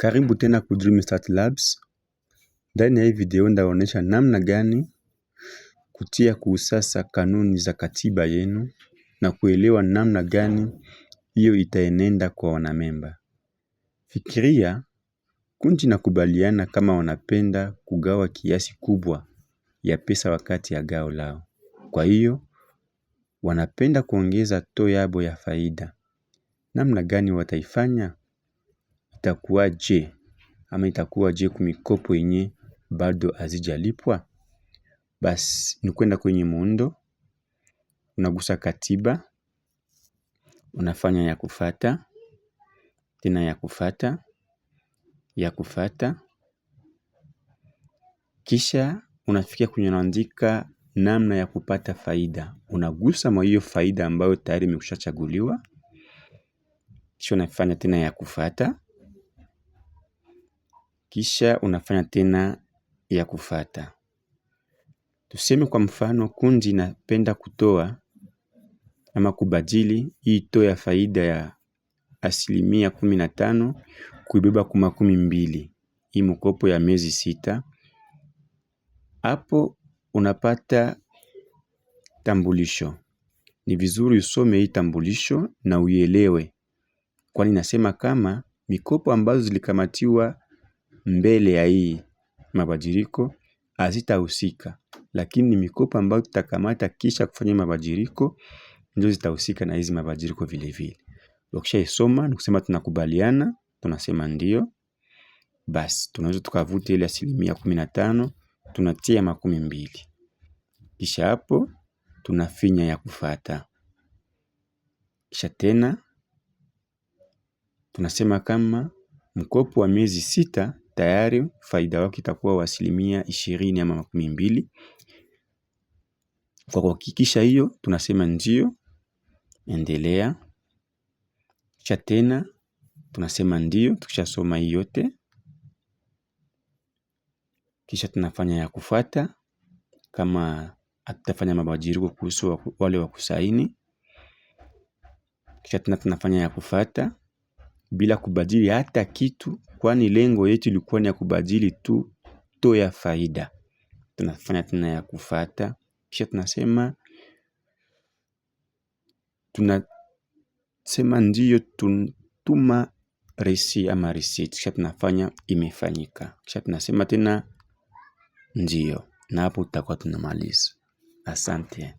Karibu tena Dream Start Labs. Ndani ya hii video ndaonyesha namna gani kutia kuusasa kanuni za katiba yenu na kuelewa namna gani hiyo itaenenda kwa wanamemba. Fikiria na nakubaliana kama wanapenda kugawa kiasi kubwa ya pesa wakati ya gao lao. Kwa hiyo wanapenda kuongeza to yabo ya faida. Namna gani wataifanya? itakuwaje ama itakuwaje kumikopo yenye bado hazijalipwa? Basi ni kwenda kwenye muundo, unagusa katiba, unafanya ya kufata tena ya kufata ya kufata Kisha unafikia kwenye unaandika namna ya kupata faida. Unagusa mwa hiyo faida ambayo tayari imekushachaguliwa, Kisha unafanya tena ya kufata kisha unafanya tena ya kufata. Tuseme kwa mfano kundi inapenda kutoa ama kubadili hii to ya faida ya asilimia kumi na tano kuibeba kwa makumi mbili. Hii mkopo ya miezi sita. Hapo unapata tambulisho. Ni vizuri usome hii tambulisho na uielewe. Kwani inasema kama mikopo ambazo zilikamatiwa mbele ya hii mabadiliko hazitahusika, lakini mikopo ambayo tutakamata kisha kufanya mabadiliko ndio zitahusika na hizi mabadiliko vile vile. Ukishaisoma ni kusema tunakubaliana, tunasema ndio, basi tunaweza tukavuta ile asilimia kumi na tano tunatia makumi mbili, kisha hapo tunafinya ya kufata, kisha tena tunasema kama mkopo wa miezi sita tayari faida yako itakuwa asilimia ishirini ama makumi mbili. Kwa kuhakikisha hiyo, tunasema ndio, endelea. Kisha tena, tunasema ndio, tukishasoma hii yote. Kisha tunafanya ya kufata kama hatutafanya mabadiliko kuhusu wale wa kusaini. Kisha tena tunafanya ya kufata bila kubadili hata kitu Kwani lengo yetu ilikuwa ni ya kubadili tu to ya faida. Tunafanya tena ya kufata. Kisha tunasema tunasema ndiyo tuntuma resi ama receipt. Kisha tunafanya imefanyika. Kisha tunasema tena ndiyo. Na hapo tutakuwa tunamaliza. Asante.